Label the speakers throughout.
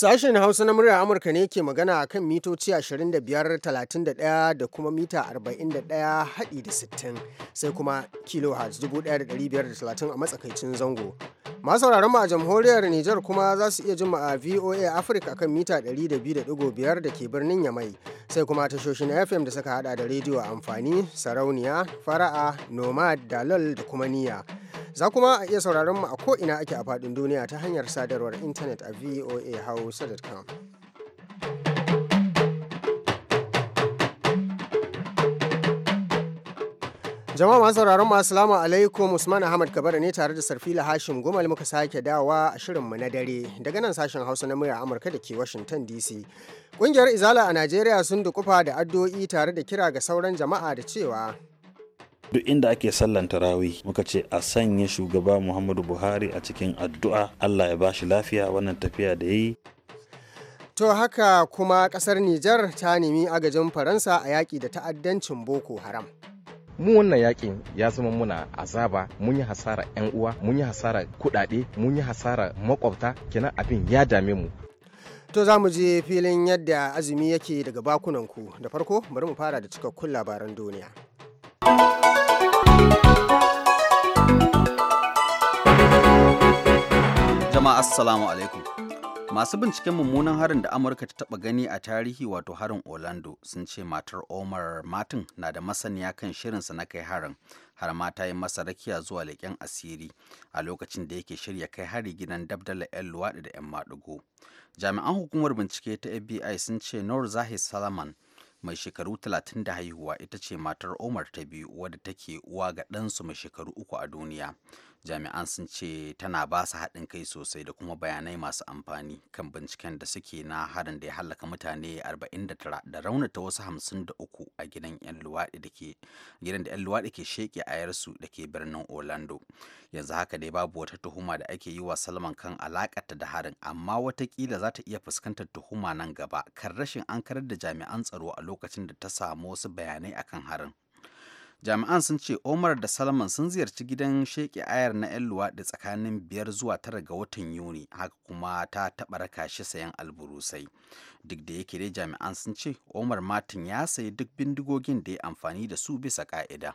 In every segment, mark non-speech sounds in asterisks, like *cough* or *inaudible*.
Speaker 1: Sashen Hausa na muryar Amurka ne ke magana a kan mitoci 25.31 da kuma mita 41 haɗi da 60 sai kuma kilohertz 1530 a matsakaicin zango. Masu sauraron mu a jamhuriyar Nijar kuma za su iya jin a VOA Africa kan mita 102.5 da ke birnin Yamai sai kuma tashoshin FM da suka hada da rediyo amfani, sarauniya, fara'a, nomad, dalal da kuma niya Za kuma a iya sauraron mu a ko'ina ake a faɗin duniya ta hanyar sadarwar intanet a VOA hau. hausa.com. Jama'a masu sauraron masu salamu alaikum Usman Ahmad Kabara ne tare da Sarfila Hashim Gumal muka sake dawa a shirin mu na dare daga nan sashen Hausa na murya Amurka da ke Washington DC. Kungiyar Izala a Najeriya sun dukufa da addu'o'i tare da kira ga sauran jama'a da cewa
Speaker 2: duk inda ake sallan tarawi muka ce a sanya shugaba Muhammadu Buhari a cikin addu'a Allah ya bashi lafiya wannan tafiya da yi
Speaker 1: To haka kuma kasar Nijar ta nemi agajin Faransa a yaƙi da ta'addancin Boko Haram.
Speaker 3: mu wannan yakin ya zama muna azaba mun yi hasara yan uwa mun yi hasara kudade mun yi hasara makwabta kenan abin ya dame mu
Speaker 1: to za mu je filin yadda azumi yake daga bakunan ku da farko bari mu fara da cikakkun labaran duniya
Speaker 4: jama'a assalamu alaikum masu binciken mummunan harin da amurka ta taba gani a tarihi wato harin orlando sun ce matar omar martin na da masaniya kan shirinsa na kai harin har ma ta yi masa rakiya zuwa leƙen asiri a lokacin da yake shirya kai hari gidan dabdala 'yan luwaɗi da 'yan maɗigo jami'an hukumar bincike ta fbi sun ce nor zahid salaman mai shekaru talatin da haihuwa ita ce matar Omar ta biyu wadda take uwa ga ɗansu mai shekaru uku a duniya. jami'an sun ce tana ba su haɗin kai sosai da kuma bayanai masu amfani kan binciken da suke na harin da ya hallaka mutane 49 da raunata wasu 53 a gidan 'yan luwaɗi da ke gidan da 'yan luwaɗi ke sheƙe yarsu da ke birnin orlando yanzu haka dai babu wata tuhuma da ake yi wa salman kan alakata da harin amma watakila za ta iya fuskantar tuhuma nan gaba kan rashin ankarar da jami'an tsaro a lokacin da ta samu wasu bayanai akan harin jami'an sun ce omar da salman sun ziyarci gidan sheke ayar na 'yan luwaɗi tsakanin biyar zuwa tara ga watan yuni haka kuma ta taɓa raka shi sayan alburusai duk da yake dai jami'an sun ce omar martin ya sayi duk bindigogin da ya amfani da su bisa ka'ida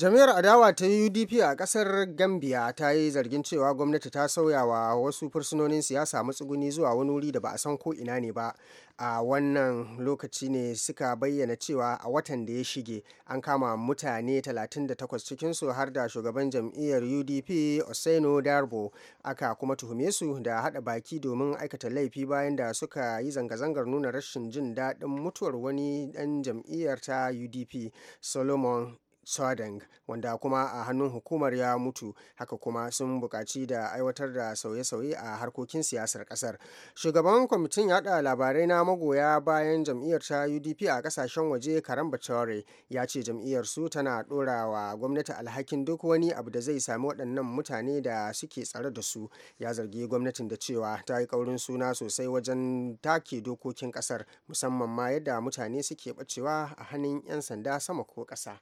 Speaker 1: jami'ar adawa ta udp a kasar gambia ta yi zargin cewa gwamnati ta sauya wa wasu fursunonin siyasa matsuguni zuwa wani wuri da ba a san ko ina ne ba a wannan lokaci ne suka bayyana cewa a watan da ya shige an kama mutane 38 cikinsu har da shugaban jam'iyyar udp oseno darbo aka kuma tuhume su da hada baki domin aikata laifi bayan da suka yi zanga-zangar nuna rashin jin daɗin mutuwar wani ɗan jam'iyyar ta udp solomon swadeng wanda kuma a hannun hukumar ya mutu haka kuma sun bukaci da aiwatar da sauye-sauye a harkokin siyasar kasar shugaban kwamitin yada labarai na magoya bayan jam'iyyar ta udp a kasashen waje karan bature ya ce jam'iyyar su tana ɗora wa gwamnati alhakin duk wani abu da zai sami waɗannan mutane da suke tsare da su ya zargi gwamnatin da cewa ta yi kaurin suna sosai wajen take dokokin kasar musamman ma yadda mutane suke bacewa a hannun 'yan sanda sama ko ƙasa.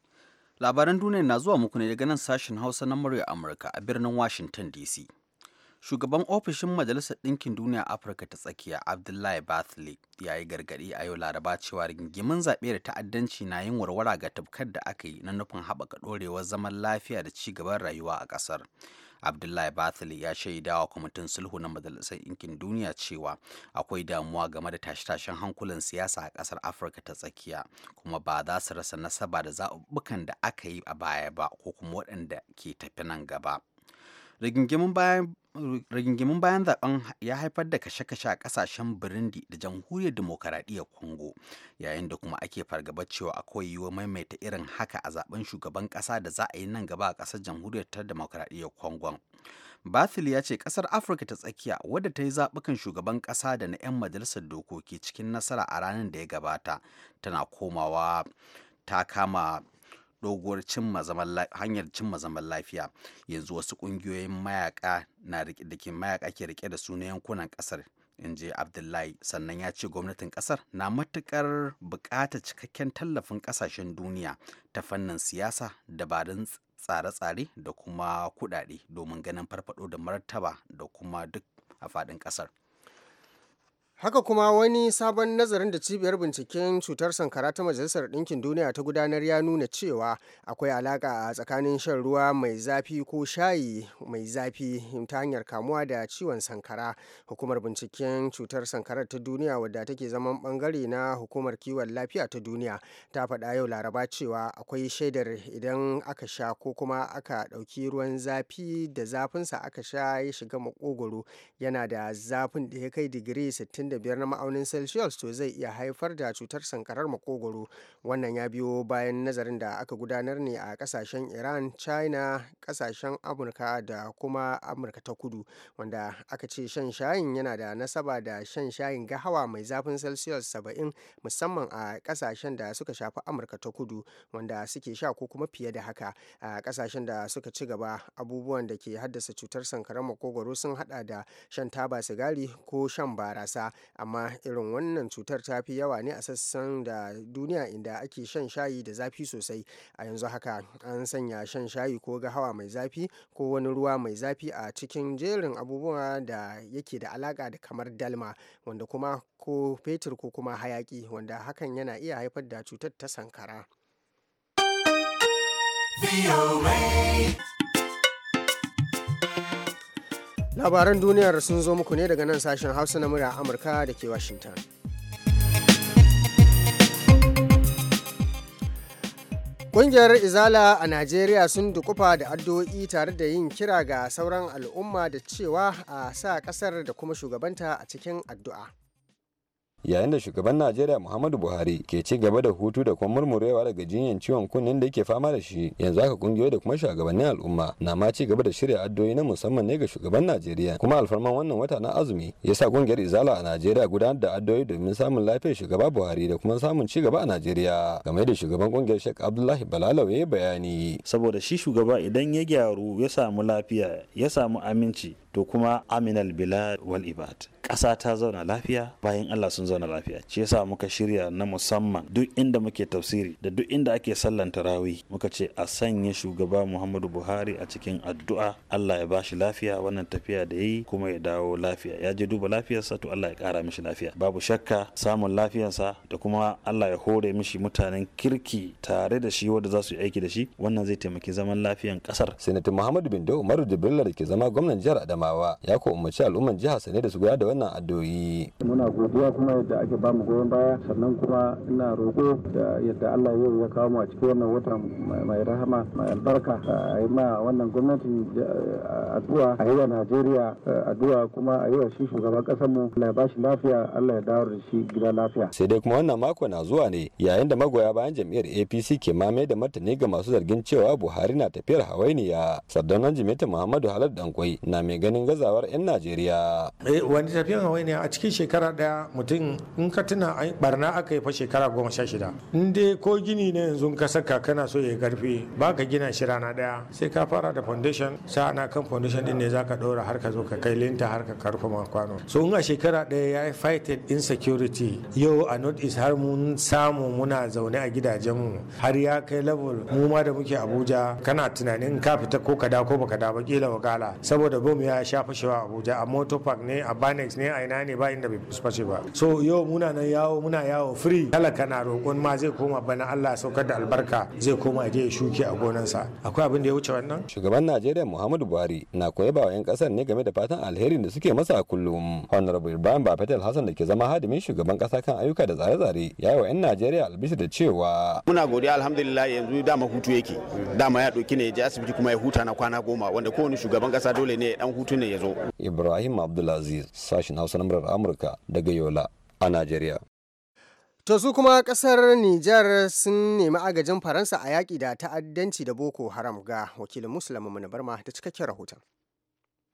Speaker 4: Labaran duniya na zuwa muku ne daga nan sashen Hausa na murya Amurka a birnin Washington DC. Shugaban ofishin Majalisar Ɗinkin Duniya Afirka ta tsakiya Abdullahi Bathley ya yi gargaɗi a yau Laraba cewa rigimin zaɓe da ta'addanci na yin warwara ga tafkar da aka yi na nufin haɓaka ɗorewar zaman lafiya da ci gaban rayuwa a ƙasar. abdullahi bathily ya shaida wa kwamitin sulhu na majalisar yankin duniya cewa akwai damuwa game da tashe-tashen hankulan siyasa a ƙasar afirka ta tsakiya kuma ba za su rasa nasaba da zaɓuɓɓukan da aka yi a baya ba ko kuma waɗanda ke tafi nan gaba rigingimin bayan rigingimin bayan zaben ya haifar da kashe-kashe a kasashen burundi da jamhuriyar demokaradiyyar kongo yayin da kuma ake fargaba cewa akwai wa maimaita irin haka a zaben shugaban kasa da za a yi nan gaba a kasar jamhuriyar ta demokaradiyyar congo Basil ya ce kasar afirka ta tsakiya wadda ta yi zaɓukan shugaban ƙasa da na 'yan majalisar dokoki cikin nasara a ranar da ya gabata tana komawa ta kama doguwar hanyar cimma zaman lafiya yanzu wasu kungiyoyin mayaka na da ke mayaka ke rike da sunan yankunan kasar in je abdullahi sannan ya ce gwamnatin kasar na matukar buƙatar cikakken tallafin kasashen duniya ta fannin siyasa dabarun tsare-tsare da kuma kudade domin ganin farfado da martaba da kuma duk a faɗin kasar.
Speaker 1: Haka kuma wani sabon nazarin da cibiyar binciken cutar sankara ta Majalisar Ɗinkin Duniya ta gudanar ya nuna cewa akwai alaƙa a tsakanin shan ruwa mai zafi ko shayi mai zafi ta hanyar kamuwa da ciwon sankara. Hukumar binciken cutar sankara ta duniya wadda take zaman bangare na hukumar kiwon lafiya ta duniya ta faɗa yau laraba cewa akwai shaidar idan aka sha ko kuma aka ɗauki ruwan zafi da zafinsa aka sha ya shiga makogwaro yana da zafin da ya kai digiri 60 35 na ma'aunin celsius to zai iya haifar da cutar sankarar makogwaro wannan ya biyo bayan nazarin da aka gudanar ne a kasashen iran china kasashen amurka da kuma amurka ta kudu wanda aka ce shan shayin yana da nasaba da shan shayin gahawa mai zafin celsius 70 musamman a kasashen da suka shafi amurka ta kudu wanda suke sha ko kuma fiye da haka a kasashen da suka ci gaba abubuwan da ke haddasa cutar sankarar makogwaro sun hada da shan taba sigari ko shan barasa amma irin wannan cutar ta fi yawa ne a sassan da duniya inda ake shan shayi da zafi sosai a yanzu haka an sanya shan shayi ko gahawa mai zafi ko wani ruwa mai zafi a cikin jerin abubuwa da yake da alaka da kamar dalma wanda kuma ko fetur ko kuma hayaki wanda hakan yana iya haifar da cutar ta sankara. labaran duniyar sun zo muku ne daga nan sashen hausa na murya amurka da ke washington Ƙungiyar Izala a Najeriya sun dukufa da addu'o'i tare da yin kira ga sauran al'umma da cewa a sa ƙasar da kuma shugabanta a cikin addu'a.
Speaker 2: yayin da shugaban najeriya muhammadu buhari ke ci gaba da hutu da kuma murmurewa daga jinyar ciwon kunnen da yake fama da shi yanzu haka kungiyoyi da kuma shugabannin al'umma na ma ci gaba da shirya addoyi na musamman ne ga shugaban najeriya kuma alfarman wannan wata na azumi ya sa kungiyar izala a najeriya gudanar da addoyi domin samun lafiyar shugaba buhari da kuma samun ci gaba a najeriya game da shugaban kungiyar shek abdullahi balalawa ya bayani saboda shi shugaba idan ya gyaru ya samu lafiya ya samu aminci to kuma aminal bila wal ibad ƙasa ta zauna lafiya bayan Allah sun zauna lafiya ce yasa muka shirya na musamman duk inda muke tafsiri da duk inda ake sallan tarawih muka ce a sanya shugaba Muhammadu Buhari a cikin addu'a Allah ya bashi lafiya wannan tafiya da yi kuma ya dawo lafiya ya je duba lafiyarsa to Allah ya kara mishi lafiya babu shakka samun lafiyarsa da kuma Allah ya hore mishi mutanen kirki tare da shi wanda za su yi aiki da shi wannan zai taimaki zaman lafiyan ƙasar sanatin Muhammadu bin Umaru Jibrilla da ke zama gwamnan jihar Adamawa Adamawa ya ko umarci al'umman jiha Sane da su gudanar da wannan addu'o'i.
Speaker 4: Muna godiya kuma yadda ake ba mu
Speaker 3: goyon baya sannan kuma ina roƙo da yadda Allah yau ya kawo mu a cikin wannan wata mai rahama mai albarka a yi ma wannan gwamnatin eh, addu'a a yi wa Najeriya
Speaker 5: eh, addu'a kuma a yi wa shi shugaban ƙasar mu Allah ya ba shi lafiya Allah ya dawo da shi gida lafiya.
Speaker 2: Sai dai kuma wannan mako na zuwa ne yayin da magoya bayan jam'iyyar APC ke mamaye da martani ga masu zargin cewa Buhari na tafiyar hawainiya. Sardan jimeta Muhammadu Halad Dankwai na mai ganin
Speaker 5: gazawar 'yan najeriya eh, wani tafiyan ne a cikin shekara daya mutum in ka tuna barna aka yi fa shekara goma sha shida in dai ko gini ne yanzu ka saka kana so ya karfi ba ka gina shi rana daya sai ka fara da foundation na kan foundation din ne za ka ɗora har ka zo ka kai linta har ka karfa ma kwano so in a shekara daya ya yi fighted insecurity yau a north east har mun samu muna zaune a gidajenmu har ya kai level mu ma da muke abuja kana tunanin ka fita ko ka da ko baka da ba kila wakala saboda bom ya ya sha fashewa abuja a moto park ne a banex ne a ina ne ba inda bai fashe ba so yau muna nan yawo muna yawo free talaka na roƙon ma zai koma bana allah saukar da albarka zai koma je ya shuke a gonansa
Speaker 2: akwai abin da ya wuce wannan shugaban najeriya muhammadu buhari na koya ba yan kasar ne game da fatan alherin da suke masa a kullum honorable ibrahim fatal hassan da ke zama hadimin shugaban kasa kan ayyuka da tsare-tsare ya yi wa yan najeriya albishi da cewa
Speaker 6: muna godiya alhamdulillah yanzu dama hutu yake dama ya ɗauki ne ya je asibiti kuma ya huta na kwana goma wanda kowane shugaban kasa dole ne ya dan hutu. hutu ne ya zo
Speaker 2: ibrahim abdulaziz sashin hausa na murar amurka daga yola a najeriya
Speaker 1: To su kuma kasar Nijar sun nemi agajin Faransa a yaƙi da ta'addanci da Boko Haram ga wakilin Musulman Barma ta cikakken rahoton.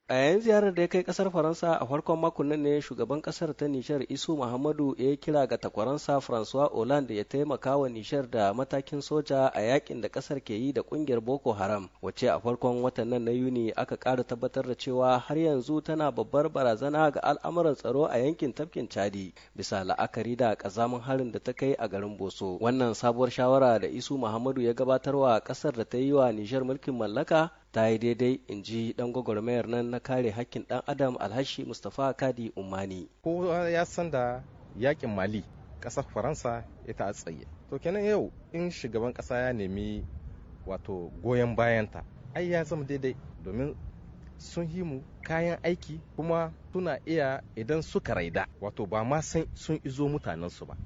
Speaker 1: a yayin ziyarar
Speaker 7: da ya kai kasar faransa a farkon makon nan ne shugaban kasar ta nishar isu muhammadu ya yi kira ga takwaransa francois hollande ya taimaka wa nishar da matakin soja a yakin da kasar ke yi da kungiyar boko haram wacce a farkon watan nan na yuni aka kara tabbatar da cewa har yanzu tana babbar barazana ga al'amuran tsaro a yankin tafkin chadi bisa la'akari da kazamin harin da ta kai a garin boso wannan sabuwar shawara da isu muhammadu ya gabatarwa kasar da ta yi wa nishar mulkin mallaka ta yi daidai in ji dan gwagwarmayar nan na kare hakkin
Speaker 3: dan adam alhashi mustapha kadi umani kowa ya san da yakin mali ƙasar faransa ita a tsaye to kenan yau in shugaban ƙasa ya nemi wato goyon bayanta ai ya zama daidai domin sun yi mu kayan aiki kuma suna iya idan suka raida wato ba ma san sun izo mutanensu ba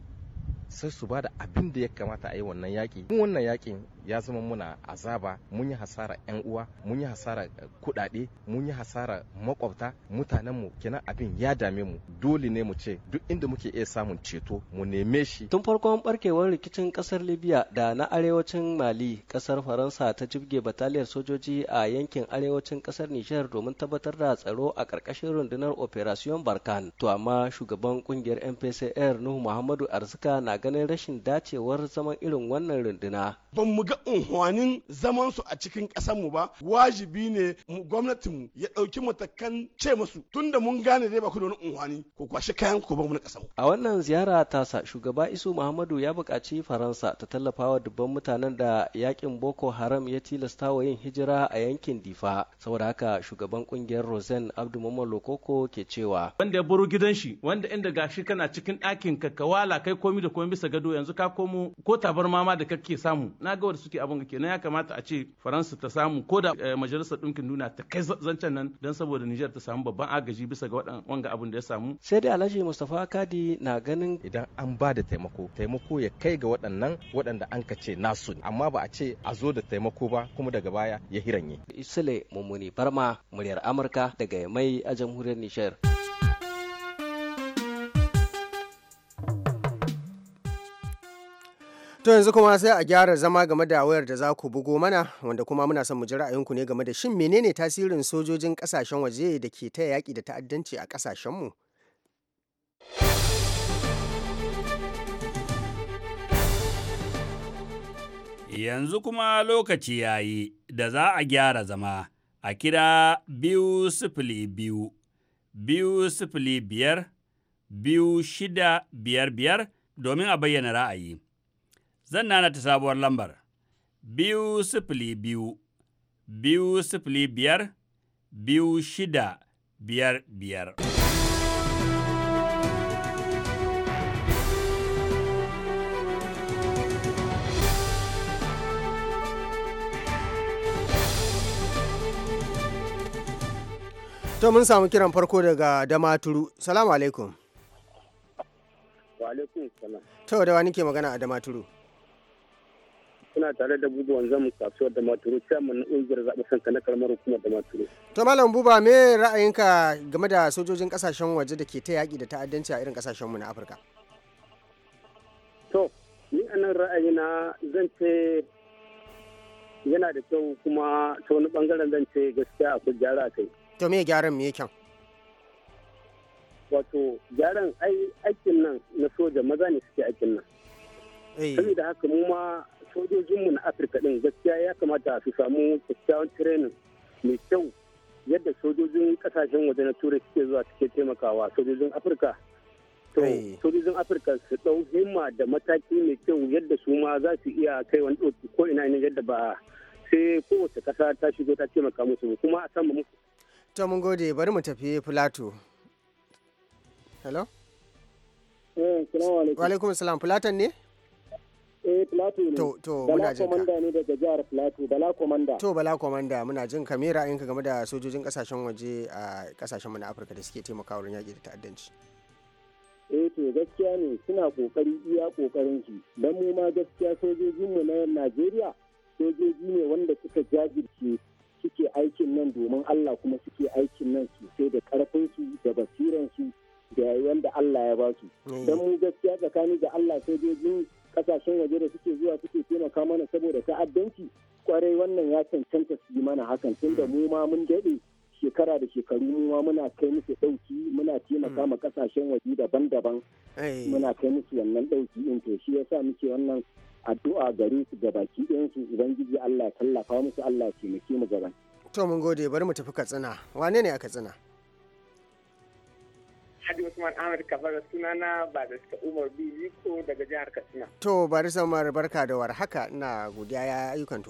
Speaker 3: sai su ba da abin da ya kamata a yi wannan yaƙi in wannan yaƙin ya zama muna azaba mun yi hasara 'yan uwa mun yi hasara eh, kudade mun yi hasara makwabta mutanenmu kenan abin ya dame mu dole ne mu ce duk inda muke iya samun ceto mu neme shi tun farkon barkewar rikicin kasar libya da na arewacin mali kasar
Speaker 7: faransa ta jibge bataliyar sojoji a yankin arewacin kasar nijar domin tabbatar da tsaro a ƙarƙashin rundunar operation barkan to amma shugaban kungiyar mpcr nuhu muhammadu arzika na ganin rashin dacewar zaman irin wannan runduna
Speaker 3: ban mu unhwanin zaman su a cikin kasar mu ba wajibi ne gwamnatin mu ya ɗauki matakan ce musu tunda mun gane dai ba ku da wani unhwani ko kayan ku mu na ƙasar
Speaker 7: A wannan ziyara tasa shugaba Isu Muhammadu ya buƙaci Faransa ta tallafawa dubban mutanen da yakin Boko Haram ya tilasta wa yin hijira a yankin Difa saboda haka shugaban ƙungiyar Rosen Abdu Mamman Lokoko ke cewa.
Speaker 3: Wanda ya buru gidan shi wanda inda gashi kana cikin ɗakin ka ka wala kai komi da komi bisa gado yanzu ka komo ko tabarma ma da kake samu na ga wasu suke abin kenan ya kamata a ce faransa ta samu ko da eh, majalisar ɗinkin duniya ta kai zancen nan don saboda nijar ta samu babban agaji bisa ga wanga abin da ya samu sai dai alhaji mustapha kadi na ganin idan an ba da taimako taimako ya kai ga waɗannan waɗanda an ka ce nasu amma ba a ce a zo da taimako ba kuma daga baya
Speaker 7: ya hiranye isile mummuni barma muryar amurka daga mai
Speaker 1: a jamhuriyar nijar To yanzu kuma sai a gyara zama game da wayar da za ku bugo mana wanda kuma muna son mu ji ra'ayinku ne game da shin menene tasirin sojojin kasashen waje da ke ta yaƙi da ta'addanci a ƙasashenmu.
Speaker 2: Yanzu kuma lokaci ya yi da za a gyara zama a kira biyu sifili biyu, biyu sifili biyar, biyu shida biyar biyar domin a bayyana ra'ayi. Zan nana ta sabuwar lambar. Biyu sifili biyu, biyu sifili biyar, biyu shida biyar biyar.
Speaker 1: To mun samu kiran farko daga Damaturu. Salamu alaikum.
Speaker 5: Wa alaikum
Speaker 8: salam.
Speaker 1: To da wani ke magana a Damaturu?
Speaker 8: kuna tare da buba wanzam kasuwar da maturu chairman na ƙungiyar zaɓe sanka na kalmar hukumar da maturu.
Speaker 1: to malam buba me ra'ayinka game da sojojin kasashen waje da ke ta yaƙi da ta'addanci a irin ƙasashenmu na afirka.
Speaker 8: to ni a nan ra'ayina zan ce yana da kyau kuma ta wani bangaren zan ce gaskiya akwai gyara a kai.
Speaker 1: to me gyaran me kyan.
Speaker 8: wato gyaran aikin nan na soja maza ne suke aikin nan. Eh. da haka mu ma sojojinmu na afirka din gaskiya ya kamata su samu kyakkyawan training mai kyau yadda sojojin kasashen waje na turai suke zuwa suke taimakawa sojojin afirka to sojojin afirka su dau himma da mataki mai kyau yadda su ma za su iya kai wani ɗauki ko ina ne yadda ba sai kowace kasa ta shigo ta taimaka musu kuma a samu musu
Speaker 1: to mun gode bari mu tafi filato hello
Speaker 8: eh, wa alaikum
Speaker 1: salam filatan ne
Speaker 8: eh plateau to
Speaker 1: to muna jin komanda
Speaker 8: ne daga jihar plateau bala komanda
Speaker 1: to bala komanda muna jin kamera in ka game da sojojin kasashen waje a kasashen mu na Afirka da suke taimakawa wurin yaki da ta'addanci
Speaker 8: eh to gaskiya ne suna kokari iya kokarin su dan mu ma gaskiya sojojin mu na Najeriya sojoji ne wanda suka jajirce suke aikin nan domin Allah kuma suke aikin nan sosai da karfin su da basiran su da wanda Allah ya ba su eh. dan mu gaskiya tsakani da Allah sojojin kasashen waje da suke zuwa suke taimaka mana saboda ta'addanci kwarai wannan ya cancanta su yi mana hakan tun da mu ma mun daɗe shekara da shekaru mu ma muna kai musu ɗauki muna taimaka ma kasashen waje daban-daban eh. muna kai musu wannan ɗauki in to shi yasa muke wannan addu'a gare su ga baki ɗayansu ubangiji Allah ya
Speaker 1: tallafa musu Allah ya taimake mu gaban. To mun gode bari mu tafi Katsina wane ne a Katsina?
Speaker 8: Hadi Usman Ahmed Kabara sunana suka Umar B. ko daga jihar Katsina.
Speaker 1: To Barista Umar barka da war haka ina godiya ya ayyukan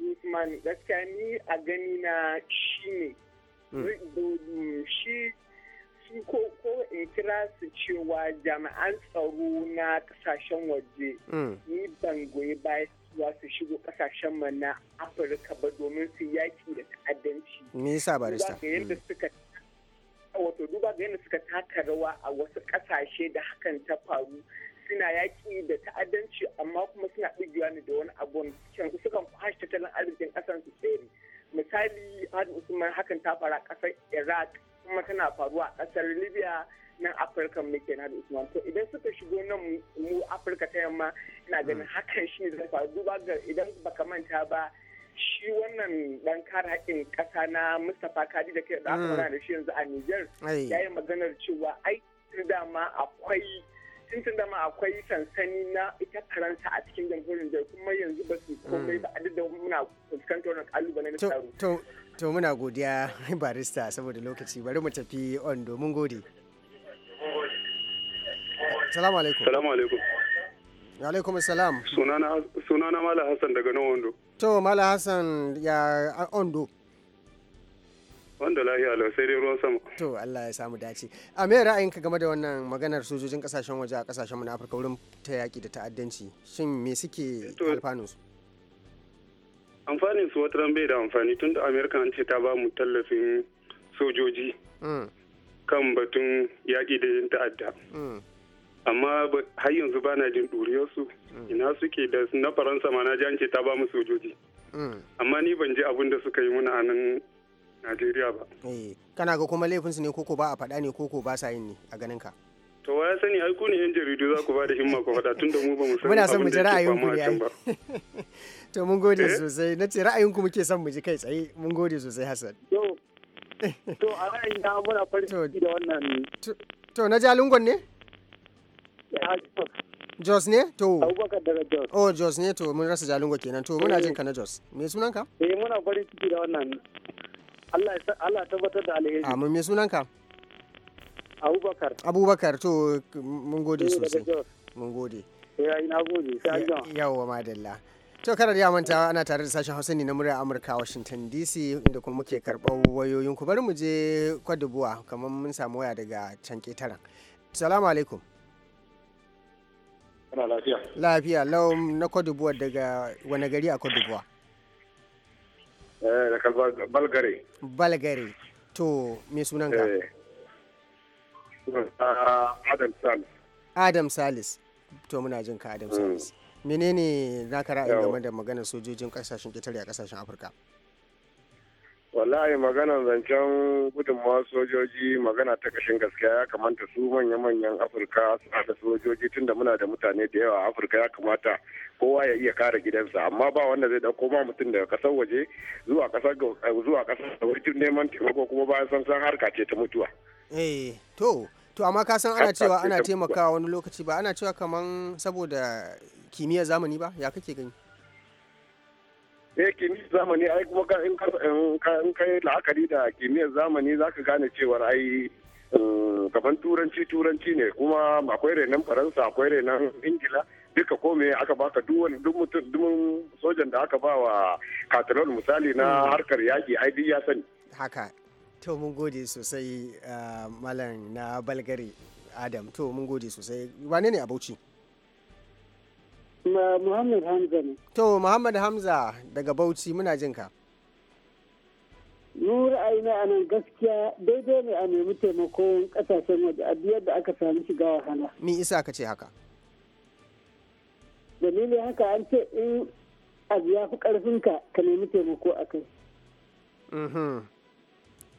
Speaker 8: Usman gaskiya ni a gani na shi ne. Hmm. Shi su ko ko in kira su cewa jami'an tsaro na kasashen waje hmm. ni ban goyi baya su shigo kasashen mana Afirka ba domin su yaki da ta'addanci.
Speaker 1: Me yasa barista? Yadda hmm.
Speaker 8: suka wato duba ga yadda suka taka rawa a wasu kasashe da hakan ta faru suna yaƙi da ta'addanci amma kuma suna ɗigewa ne da wani abu sukan kwashe tattalin arzikin ƙasar su tsere misali hadu usman hakan ta fara ƙasar iraq kuma tana faruwa a ƙasar libya nan afirka muke na da usman to idan suka shigo nan mu afirka ta yamma ina ganin mm. hakan shi ne zai faru duba ga idan baka manta ba shi wannan dan kare haƙƙin ƙasa na Mustapha Kadi da ke da aka mm. da shi yanzu a Niger ya yi maganar cewa ai dama akwai tun tun dama akwai sansani na ita Faransa a cikin jamhuriyar Niger kuma yanzu ba su mm. komai ba a duk da muna fuskantar wannan kalubale na
Speaker 1: tsaro. To muna godiya *laughs* barista saboda lokaci bari mu tafi on domin gode. Salamu alaikum. Salamu alaikum. alaikum salam.
Speaker 8: Sunana Malam Hassan daga nan Wando.
Speaker 1: to mala hassan ya ondo
Speaker 8: wanda lahiya lau sai dai ruwan sama
Speaker 1: to allah ya samu dace a me ra'ayinka game da wannan maganar sojojin kasashen waje a kasashen na afirka wurin ta yaƙi da ta'addanci shin me suke alfanus?
Speaker 8: amfanin su wata bai da amfani tun da amerika an ce ta ba mu tallafin sojoji mm. kan batun yaƙi da ta'adda mm. amma har yanzu ba na jin ɗuriyarsu mm. ina suke da na faransa ma na ji an ce ta ba mu sojoji mm. amma ni ban ji abin da suka yi mana a nan najeriya ba
Speaker 1: eh, kana ga kuma laifinsu ne koko ba a faɗa ne koko ba sa yin ne a ganin ka
Speaker 8: to wa sani ai ku ne yan jaridu za ku ba da himma ku faɗa tun da mu ba mu san muna son mu ji ra'ayin ku ne
Speaker 1: *laughs* to mun gode eh? sosai na ce ra'ayin ku muke son mu ji kai tsaye mun gode sosai hasan to a ra'ayin da muna farin *laughs* da wannan to na jalungon ne Jos ne? To. Abubakar daga Jos. Oh, Jos ne to mun rasa Jalingo kenan. To muna eh. jin ka na Jos. Me sunan ka? Eh muna farin ciki da wannan. Allah Allah tabbatar da alheri. mun me sunan ka? Abubakar. Abubakar to mun gode eh, sosai. Mun gode. Eh na gode. Sai Yawwa madalla. To kada ya manta ana tare da sashen Hausa ne na murya Amurka Washington DC inda kuma muke karɓar wayoyin ku bari mu je Kwadubuwa kamar mun samu waya daga can ketaren. Salamu alaikum. Kana lafiya. Lafiya lau na Kodubuwa daga wani gari a Kodubuwa?
Speaker 5: Eh, daga Balgare.
Speaker 1: Balgare. To, me sunan ka? Eh, Adam Salis. Adam Salis. To, muna jin ka Adam hmm. Salis. Menene za ka ra'ayi game da maganar sojojin kasashen ƙetare a kasashen Afirka?
Speaker 8: wallahi magana zancen gudunmawa sojoji magana ta kashin gaskiya ya kamata su manya-manyan afirka su da sojoji tunda muna da mutane da yawa afirka ya kamata kowa ya iya kare gidansa amma ba wanda zai dauko ma mutum daga kasar waje zuwa kasar eh, zuwa kasar wajen neman taimako kuma bayan san san harka ce ta mutuwa
Speaker 1: eh to to amma ka san ana cewa ana taimakawa wani lokaci ba ana cewa kaman saboda kimiyyar zamani ba ya kake gani
Speaker 8: eh kimiyyar zamani ai kuma in kai la'akari da kimiyyar zamani za ka gane cewar ai gaban eh, turanci turanci ne kuma akwai renon faransa akwai renon ingila duka kome aka baka wani duk mutum sojan da aka ba wa katalon misali na hmm. harkar yaƙi ai ya sani
Speaker 1: haka to mun gode sosai eh, malam na balgare adam to mun gode sosai wane ne a bauchi Muhammad Hamza ne. To, Muhammad Hamza daga Bauchi muna jin ka. Nur aina a nan
Speaker 8: gaskiya daidai ne a nemi taimakon kasashen waje a biyar da aka sami shiga wahala.
Speaker 1: Min isa ka ce haka?
Speaker 8: Dalilin haka an ce in abu ya fi ƙarfinka ka nemi taimako a kai.
Speaker 1: Mhm.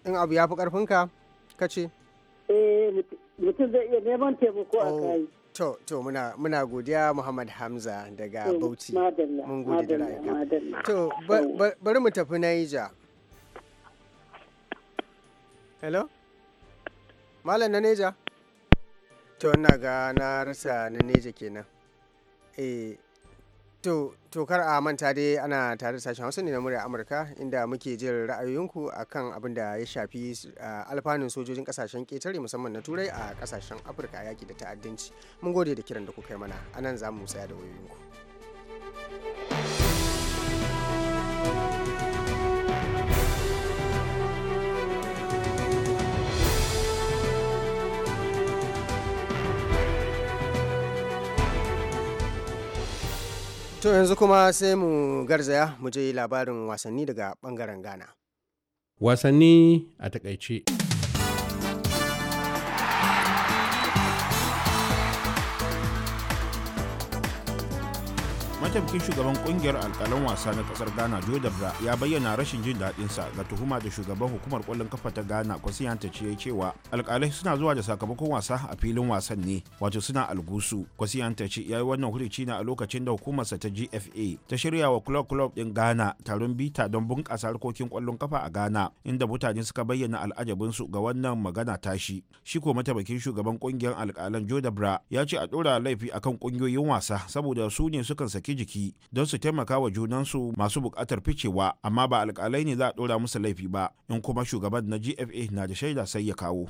Speaker 1: In abu ya fi ƙarfinka ka ce? Eh, mutum zai iya neman taimako a oh. kai. To, to muna, muna godiya Muhammad Hamza daga Bauchi.
Speaker 5: Mun gode da rayuwa.
Speaker 1: To, bari mu tafi Naija. Hello? Malam na Neja? To, ina ga na rasa na Neja kenan. Eh, To, to kar a manta dai ana tare da sashen Hausa ne na murya Amurka inda muke jin ra'ayoyinku kan abin da ya shafi alfanun sojojin kasashen ƙetare musamman na Turai a kasashen Afirka yaki da ta'addanci. Mun gode da kiran da kuka yi mana. Anan za mu tsaya da wayoyinku. To yanzu kuma sai mu garzaya mu je labarin wasanni daga bangaren Ghana.
Speaker 3: Wasanni a
Speaker 6: takaice. mataimakin shugaban kungiyar alkalan wasa na kasar ghana joe dabra ya bayyana rashin jin daɗinsa ga tuhuma da shugaban hukumar kwallon kafa ta ghana kwasiyanta ce ya cewa alkalai suna zuwa da sakamakon wasa a filin wasan ne wato suna algusu kwasiyanta ce ya yi wannan hulici na a lokacin da hukumarsa ta gfa ta shirya wa club club din ghana taron bita don bunƙasa harkokin kwallon kafa a ghana inda mutane suka bayyana al'ajabinsu ga wannan magana tashi shi ko mataimakin shugaban kungiyar alkalan joe dabra ya ce a ɗora laifi akan kungiyoyin wasa saboda su ne sukan saki jiki don su taimaka wa junansu masu bukatar ficewa amma ba alkalai ne za a dora musu laifi ba in kuma shugaban na gfa na da shaida sai ya kawo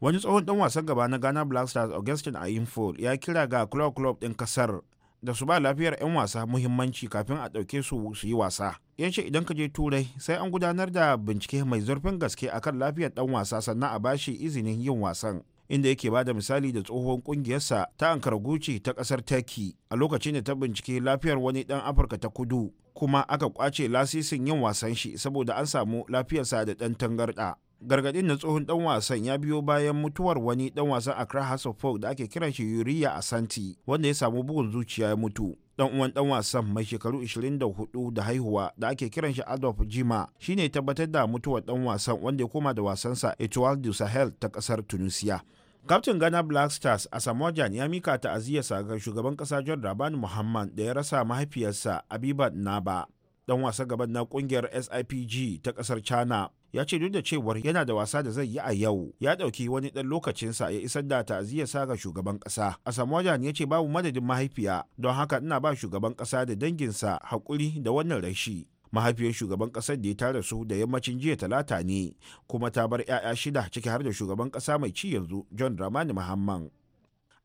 Speaker 6: wani tsohon dan wasan gaba na ghana black stars augustin ayinfo ya kira ga club club din kasar da su ba lafiyar 'yan wasa muhimmanci kafin a ɗauke su su yi wasa ya idan ka je turai sai an gudanar da bincike mai zurfin gaske akan lafiyar ɗan wasa sannan a bashi izinin yin wasan inda yake bada misali da tsohon kungiyarsa ta ankara ta kasar turkey a lokacin da ta bincike lafiyar wani dan afirka ta kudu kuma aka kwace lasisin yin wasan shi saboda an samu lafiyarsa da dan tangarda gargadin na tsohon dan wasan ya biyo bayan mutuwar wani dan wasan accra house of folk da ake kiran shi yuriya asanti wanda ya samu bugun zuciya ya mutu dan uwan dan wasan mai shekaru 24 da haihuwa da ake kiran shi Adolf Jima shine tabbatar da mutuwar dan wasan wanda ya koma da wasansa Etoile du Sahel ta kasar Tunisia. kaftin ghana black stars asamojan ya mika ta'aziyarsa ga shugaban kasa john rabani muhammad da ya rasa mahaifiyarsa abiba naba dan wasa gaban na kungiyar sipg ta kasar china ya ce duk da cewar yana da wasa da zai yi a yau ya dauki wani dan lokacinsa ya isar da ta'aziyarsa ga shugaban kasa asamojan ya ce babu madadin mahaifiya don haka ina ba shugaban kasa da danginsa hakuri da wannan rashi mahaifiyar shugaban kasar da ya tara su da yammacin jiya talata ne kuma ta bar 'ya'ya shida ciki har da shugaban kasa mai ci yanzu john Ramani mahamman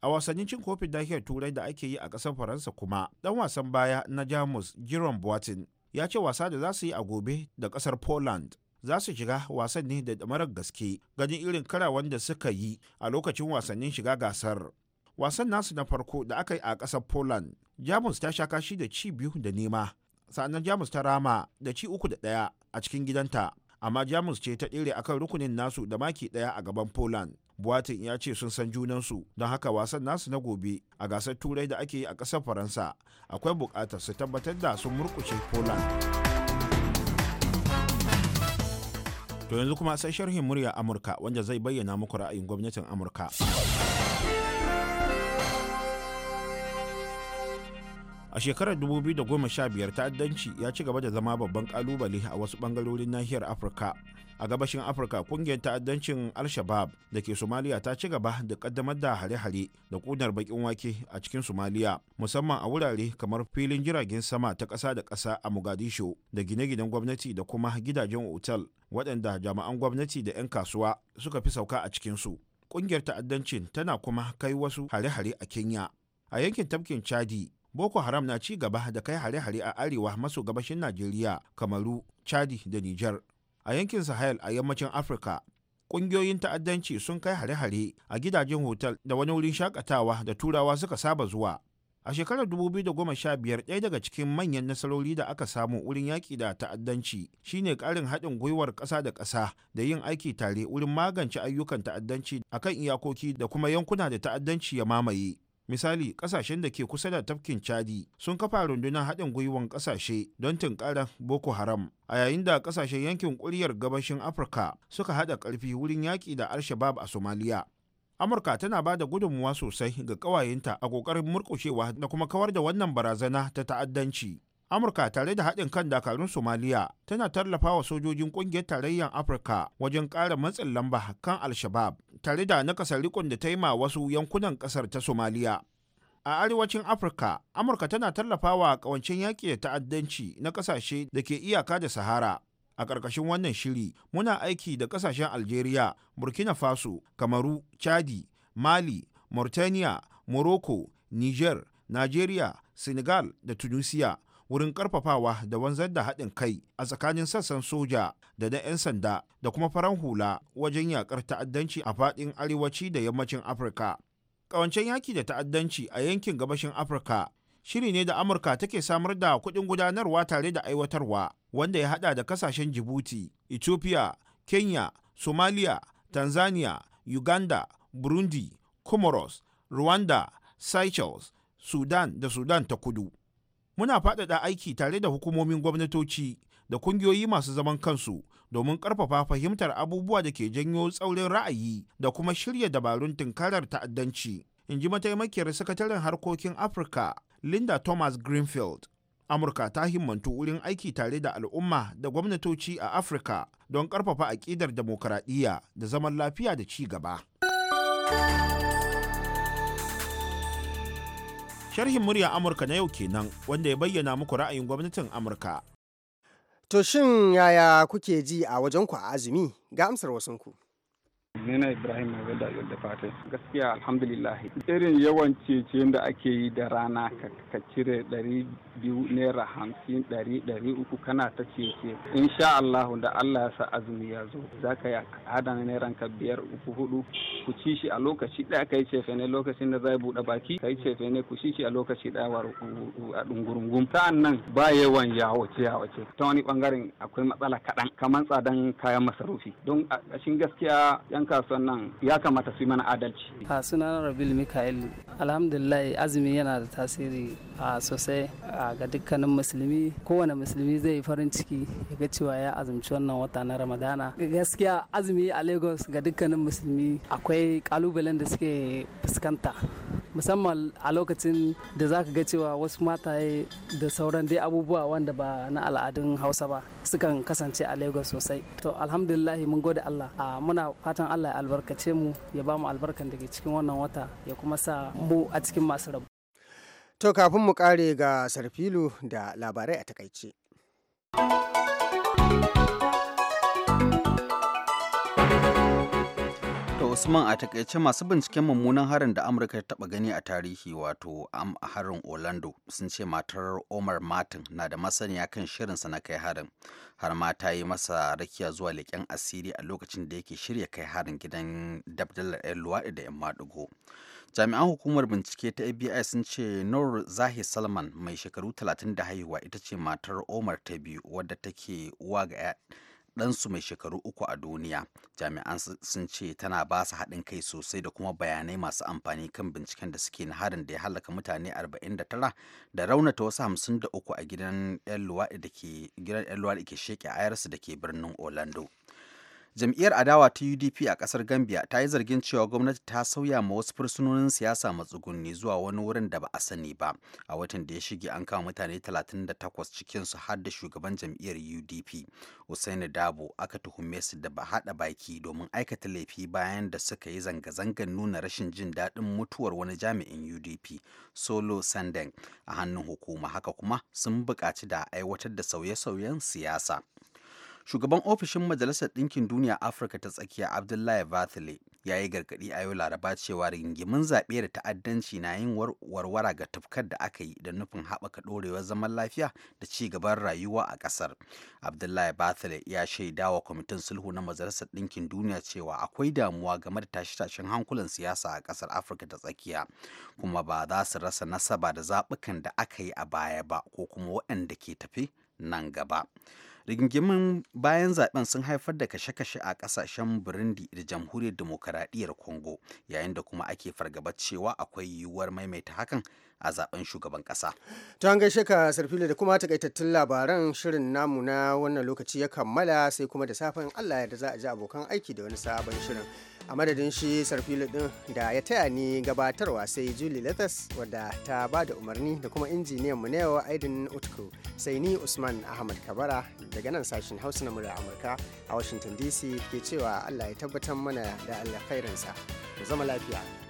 Speaker 6: a wasannin cin kofin dakiyar turai da ake yi a kasar faransa kuma dan wasan baya na jamus jiron boatin ya ce wasa da za su yi a gobe da kasar poland za su shiga wasan ne da marar gaske ganin irin karawan wanda suka yi a lokacin wasannin shiga gasar wasan nasu na farko da aka yi a kasar poland jamus ta sha kashi da ci biyu da nema sannan jamus ta rama da ci uku da ɗaya a cikin gidanta amma jamus ce ta ɗere akan rukunin nasu da maki ɗaya a gaban poland buwatin ya ce sun san junansu don haka wasan nasu na gobe a gasar turai da ake yi a ƙasar faransa akwai buƙatar su tabbatar da sun murkushe poland to yanzu kuma sai sharhin murya amurka wanda zai bayyana muku ra'ayin gwamnatin amurka a shekarar 2015 ta'addanci ya ci gaba da zama babban kalubale a wasu bangarorin nahiyar afirka a gabashin afirka kungiyar ta'addancin al-shabab da ke somaliya ta ci gaba da kaddamar da hare-hare da kunar bakin wake a cikin somaliya musamman a wurare kamar filin jiragen sama ta ƙasa da ƙasa a mogadishu da gine-ginen gwamnati da kuma gidajen otal waɗanda jami'an gwamnati da 'yan kasuwa suka fi sauka a cikinsu kungiyar ta'addancin tana kuma kai wasu hare-hare a kenya a yankin tafkin chadi boko haram na ci gaba da kai hare-hare a arewa maso gabashin najeriya kamaru chadi da niger a yankin sahel a yammacin afirka ƙungiyoyin ta'addanci sun kai hare-hare a gidajen hotel da wani wurin shakatawa da turawa suka saba zuwa a shekarar 2015 ɗaya daga cikin manyan nasarori da aka samu wurin yaƙi da ta'addanci shine ƙarin haɗin gwiwar ƙasa da ƙasa da yin aiki tare wurin magance ayyukan ta'addanci akan iyakoki da kuma yankuna da ta'addanci ya mamaye misali kasashen da ke kusa da tafkin chadi sun kafa rundunar haɗin gwiwan ƙasashe don tunkarar boko haram a yayin da ƙasashen yankin kuryar gabashin afirka suka haɗa ƙarfi wurin yaƙi da alshabab a somaliya amurka tana ba da gudunmuwa sosai ga ƙawayenta a ƙoƙarin murƙushewa da kuma kawar da wannan barazana ta ta'addanci Amurka tare da haɗin kan dakarun Somaliya tana tallafawa sojojin ƙungiyar tarayyar Afirka wajen ƙara matsin lamba kan Al-Shabab tare da nakasa rikon da ta yi ma wasu yankunan ƙasar ta Somaliya. A arewacin Afirka, Amurka tana tallafawa ƙawancen yaƙi da ta'addanci na ƙasashe da ke iyaka da Sahara. A ƙarƙashin wannan shiri, muna aiki da ƙasashen Algeria, Burkina Faso, Kamaru, Chadi, Mali, Mauritania, Morocco, Niger, Nigeria, Senegal da Tunisia. wurin karfafawa da wanzar da haɗin kai a tsakanin sassan soja da na 'yan sanda da kuma faran hula wajen yakar ta'addanci a faɗin arewaci da yammacin afirka ƙawancen yaki da ta'addanci a yankin gabashin afirka shiri ne da amurka take samar da kuɗin gudanarwa tare da aiwatarwa wanda ya haɗa da kasashen jibuti ethiopia kenya somalia tanzania uganda burundi comoros rwanda seychelles sudan da sudan ta kudu muna faɗaɗa aiki tare da hukumomin gwamnatoci da kungiyoyi masu zaman kansu domin ƙarfafa fahimtar abubuwa da ke janyo tsaurin ra'ayi da kuma shirya dabarun tunkarar ta'addanci in ji mataimakiyar sakataren harkokin afirka linda thomas greenfield amurka ta himmantu wurin aiki tare da al'umma da gwamnatoci a afirka don ƙarfafa aƙidar demokaradiyya da zaman lafiya da ci gaba. Sharhin murya Amurka na yau kenan wanda ya bayyana muku ra'ayin gwamnatin Amurka.
Speaker 1: To shin yaya kuke ji a wajen ku a azumi ga amsar wasunku?
Speaker 2: Zina Ibrahim Mai da da fata. Gaskiya alhamdulillah. Irin yawan cece da ake yi da rana ka cire 200 naira hamsin 300 kana ta cece. Insha Allah da Allah ya sa azumi ya zo za ka yi adana naira ka biyar uku hudu ku ci shi a lokaci ɗaya ka yi cefe ne lokacin da zai buɗe baki ka yi cefe ne ku ci shi a lokaci ɗaya a ɗungurungun. Sa'an nan ba yawan ya ya wace. Ta wani bangaren akwai matsala kaɗan kamar tsadan kayan masarufi. Don a gaskiya 'yan kasuwan nan ya kamata su yi mana adalci.
Speaker 7: Ha suna Rabil Mikael, alhamdulillah azumi yana da tasiri a sosai ga dukkanin musulmi kowane musulmi zai yi farin ciki ya ga cewa ya azumci wannan wata na ramadana gaskiya azumi a lagos ga dukkanin musulmi akwai kalubalen da suke fuskanta musamman a lokacin da za ka ga cewa wasu mataye da sauran dai abubuwa wanda ba na al'adun hausa ba sukan kasance a lagos sosai to alhamdulillah mun gode allah a
Speaker 1: muna fatan allah ya albarkace mu ya ba mu albarkan da cikin wannan wata ya kuma sa mu a cikin masu rabu To kafin mu kare ga Sarfilu da labarai a takaice.
Speaker 4: To Usman a takaice masu binciken mummunan harin da Amurka ta taba gani a tarihi wato am a harin Orlando sun ce matar Omar Martin na da masaniya kan shirinsa na kai harin. Har ma ta yi masa rakiya zuwa leƙen asiri a lokacin da yake shirya kai harin gidan dabdalar 'yan luwaɗi da 'yan maɗigo. jami'an hukumar bincike ta abi sun ce nur zahi salman mai shekaru 30 da haihuwa ita ce matar omar ta biyu wadda take uwa ga ɗansu mai shekaru uku a duniya jami'an sun ce tana ba su haɗin kai sosai da kuma bayanai masu amfani kan binciken da suke na harin da ya halaka mutane 49 da raunata wasu 53 a gidan 'yan luwaɗi da ke sheke ayarsu da ke birnin orlando jam'iyyar adawa ta udp a kasar gambia ta yi zargin cewa gwamnati ta sauya ma wasu fursunonin siyasa matsugunni zuwa wani wurin da ba a sani ba a watan da ya shige an kama mutane 38 su har da shugaban jam'iyyar udp usaini dabo aka tuhume su da ba haɗa baki domin aikata laifi bayan da suka yi zanga-zangar nuna rashin jin daɗin mutuwar wani jami'in udp solo sandeng a hannun hukuma haka kuma sun buƙaci da aiwatar da sauye-sauyen siyasa shugaban ofishin majalisar ɗinkin duniya afirka ta tsakiya abdullahi bathile ya yi gargaɗi a yau laraba cewa rigingimin zaɓe da ta'addanci na yin warwara ga tufkar da aka yi da nufin haɓaka ɗorewar zaman lafiya da ci gaban rayuwa a ƙasar abdullahi bathile ya shaida wa kwamitin sulhu na majalisar ɗinkin duniya cewa akwai damuwa game da tashe-tashen hankulan siyasa a ƙasar afirka ta tsakiya kuma ba za su rasa nasaba da zaɓukan da aka yi a baya ba ko kuma waɗanda ke tafe nan gaba. rigingimin bayan zaben sun haifar da kashe-kashe a kasashen burundi da jamhuriyar demokaradiyyar congo yayin da kuma ake fargabar cewa akwai yiwuwar maimaita hakan a zaben shugaban kasa.
Speaker 1: To an gaishe ka Sarfilo da kuma takaitattun labaran shirin namu na wannan lokaci ya kammala sai kuma da safen Allah da za a ji abokan aiki da wani sabon shirin. A madadin shi Sarfilo din da ya taya ni gabatarwa sai Julie Latas wadda ta ba da umarni da kuma injiniyan mu na yau Aidin Utku sai ni Usman Ahmad Kabara daga nan sashin Hausa na murar Amurka a Washington DC ke cewa Allah ya tabbatar mana da alkhairinsa. Ku zama lafiya.